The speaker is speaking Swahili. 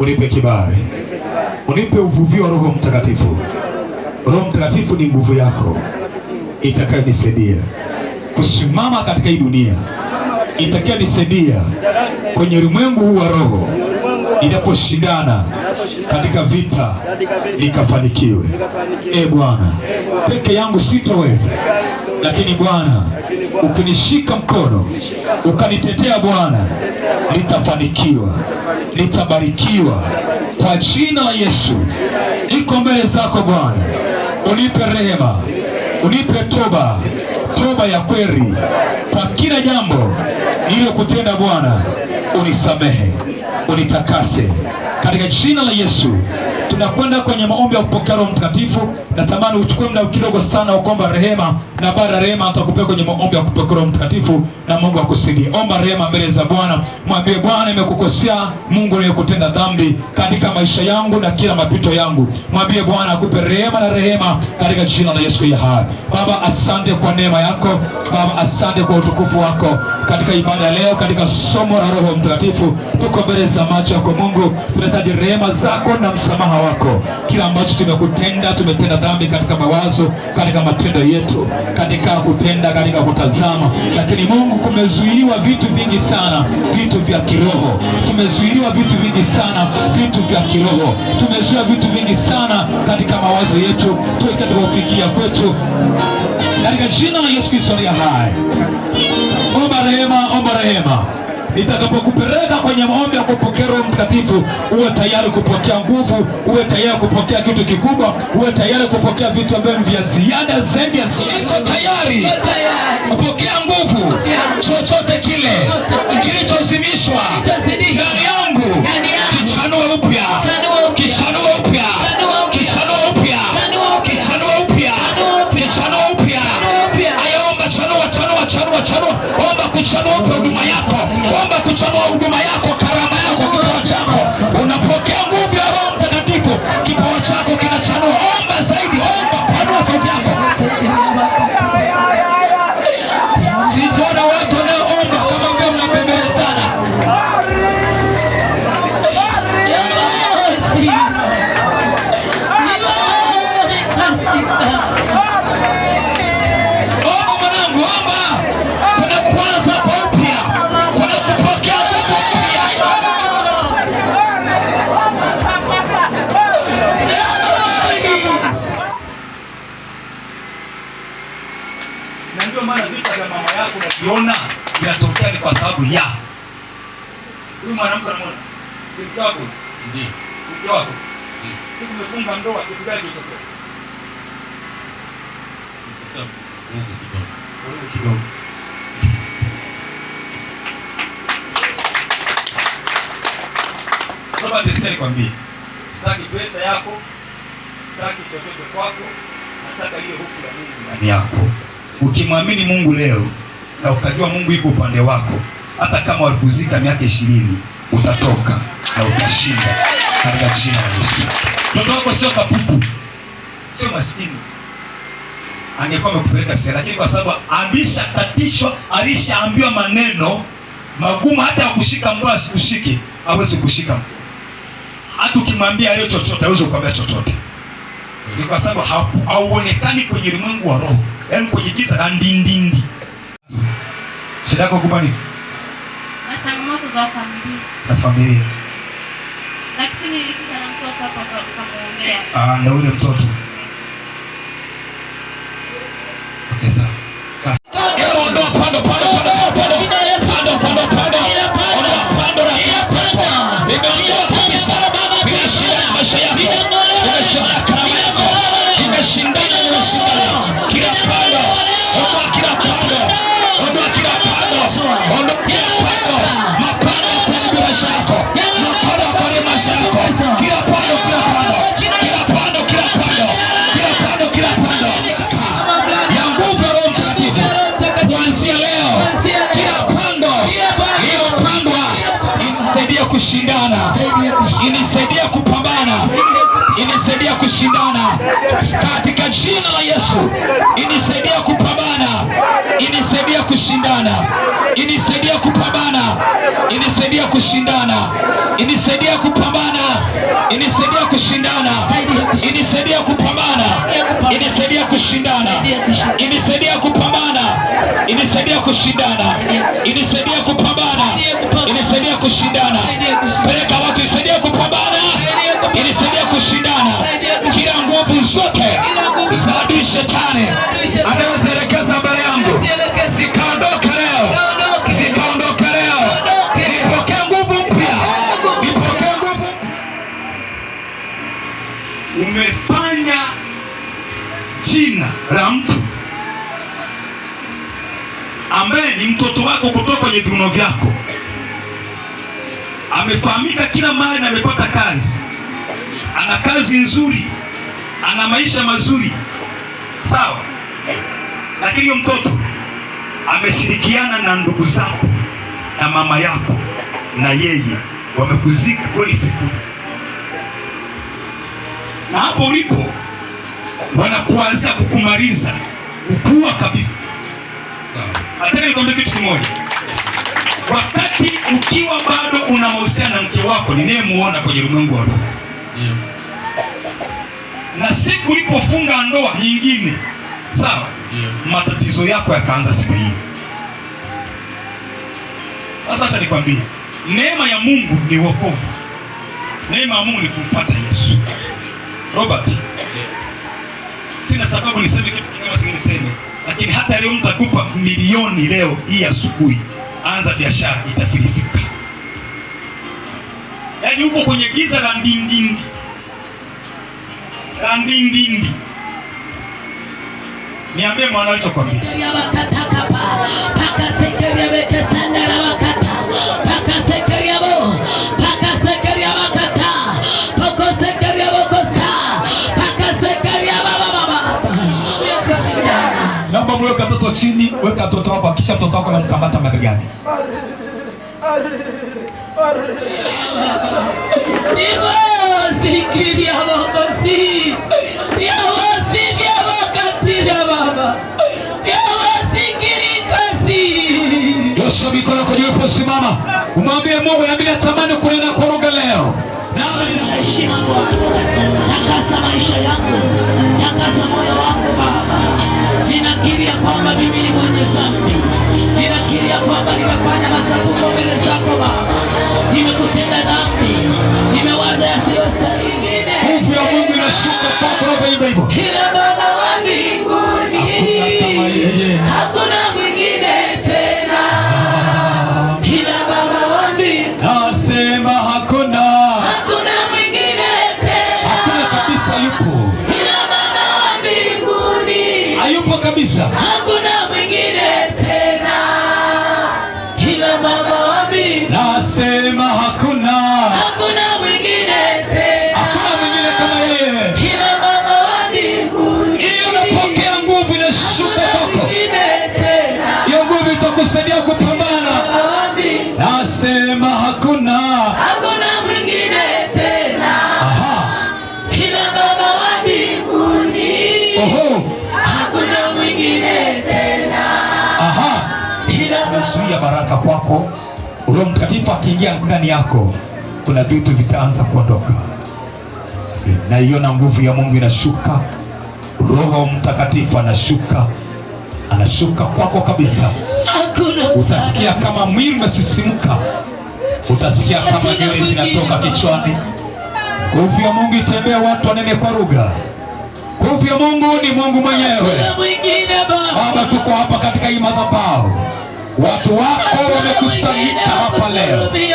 unipe kibali, unipe uvuvio wa Roho Mtakatifu. Roho Mtakatifu ni nguvu yako itakayonisaidia kusimama katika hii dunia, itakayonisaidia kwenye ulimwengu huu wa roho inaposhindana katika vita nikafanikiwe. E Bwana, peke yangu sitoweza, lakini Bwana ukinishika mkono ukanitetea, Bwana nitafanikiwa, nitabarikiwa kwa jina la Yesu. Niko mbele zako Bwana, unipe rehema, unipe toba, toba ya kweli kwa kila jambo niliyokutenda. Bwana unisamehe unitakase katika jina la Yesu tunakwenda kwenye maombi ya kupokea Roho Mtakatifu. Natamani uchukue muda kidogo sana ukomba rehema, na baada rehema atakupea kwenye maombi ya kupokea Roho Mtakatifu, na Mungu akusaidie. Omba rehema mbele za Bwana, mwambie Bwana, nimekukosea Mungu, nimekutenda dhambi katika maisha yangu na kila mapito yangu. Mwambie Bwana akupe rehema na rehema katika jina la Yesu ya hai. Baba, asante kwa neema yako Baba, asante kwa utukufu wako katika ibada ya leo, katika somo la Roho Mtakatifu. Tuko mbele za macho yako Mungu, tunahitaji rehema zako na msamaha msamaha wako. Kila ambacho tumekutenda, tumetenda dhambi katika mawazo, katika matendo yetu, katika kutenda, katika kutazama. Lakini Mungu, kumezuiliwa vitu vingi sana, vitu vya kiroho. Tumezuiliwa vitu vingi sana, vitu vya kiroho. Tumezuia vitu vingi sana katika mawazo yetu, katika kufikia kwetu, katika jina la Yesu Kristo aliye hai. Omba rehema, omba rehema itakapokupeleka kwenye maombi ya kupokea Roho Mtakatifu, uwe tayari kupokea nguvu, uwe tayari kupokea kitu kikubwa, uwe tayari kupokea vitu ambavyo vya ziada zaidi. Iko tayari kupokea nguvu, chochote kile kilichozimishwa ndani yangu na ndio maana vita vya mama yako unaviona vinatokea ni kwa sababu ya huyu mwanamke. Anamwona siku yako wako, ndio mke wako, siku umefunga ndoa, kitu gani kitokea? Vurugu kidogo Sasa nikwambie, sitaki pesa yako, sitaki chochote kwako, nataka hiyo hofu ya Mungu ndani yako. Ukimwamini Mungu leo na ukajua Mungu yuko upande wako, hata kama walikuzika miaka ishirini, utatoka na utashinda katika jina la Yesu. Mtoto wako sio kapuku, sio maskini, angekuwa amekupeleka sera, lakini kwa sababu ameshakatishwa, alishaambiwa maneno magumu, hata ya kushika mbwa asikushike, hawezi kushika mbwa. Hata ukimwambia leo chochote, hawezi kukwambia chochote, ni kwa sababu hauonekani kwenye ulimwengu wa roho yaani kwenye giza la ndindindi. Shida yako kubwa ni changamoto za familia, za familia, lakini nilikuta na mtoto hapa kwa kuombea. Ah, ndio yule mtoto katika jina la Yesu, inisaidia kupambana, inisaidia kushindana, inisaidia kupambana, inisaidia kushindana, inisaidia kupambana, inisaidia kushindana, inisaidia kupambana, inisaidia kushindana, inisaidia kupambana, inisaidia kushindana, inisaidia kupambana mtu ambaye ni mtoto wako kutoka kwenye viuno vyako, amefahamika kila mahali na amepata kazi, ana kazi nzuri, ana maisha mazuri, sawa. Lakini huyo mtoto ameshirikiana na ndugu zako na mama yako, na yeye wamekuzika kweli siku na hapo ulipo wanakuanza kukumaliza ukuwa kabisa. Nataka nikwambie kitu kimoja, wakati ukiwa bado una mahusiano na mke wako ninayemuona kwenye ulimwengu wa roho na siku ulipofunga ndoa nyingine sawa, yeah. matatizo yako yakaanza siku hiyo. Sasa acha nikwambie, neema ya Mungu ni wokovu. Neema ya Mungu ni kumpata Yesu Robert, yeah sina sababu niseme kitu kingine sikiniseme, lakini hata leo mtu akupa milioni leo hii asubuhi, anza biashara, itafilisika. Yaani uko kwenye giza la ndingindi la ndingindi. Niambie mwanao, itakwambia chini, weka mtoto wako, kisha mtoto wako namkamata mabegani. Sikiria simama, umwambie Mungu, yamini natamani kunena kwa lugha Ninakiri ya kwamba mimi ni mwenye dhambi. Ninakiri ya kwamba nimefanya machafuko mbele zako Baba, nimekutenda dhambi, nimewaza yasiyostahili. Nguvu ya Mungu inashuka kwa hivyo hivyo. kabisa, hakuna mwingine tena ila Baba wa mbinguni. Nasema hakuna, hakuna mwingine tena, hakuna mwingine kama yeye ila Baba wa mbinguni. Hiyo napokea nguvu, inashuka kwako, hiyo nguvu itakusaidia ya baraka kwako. Roho Mtakatifu akiingia ndani yako, kuna vitu vitaanza kuondoka. Naiona nguvu ya Mungu inashuka, Roho Mtakatifu anashuka, anashuka kwako kabisa. Utasikia kama mwili umesisimuka, utasikia kama nywele zinatoka kichwani. Nguvu ya Mungu itembea, watu wanene kwa lugha. Nguvu ya Mungu ni Mungu mwenyewe. Baba, tuko hapa katika hii madhabahu Watu wako wamekusanyika hapa leo.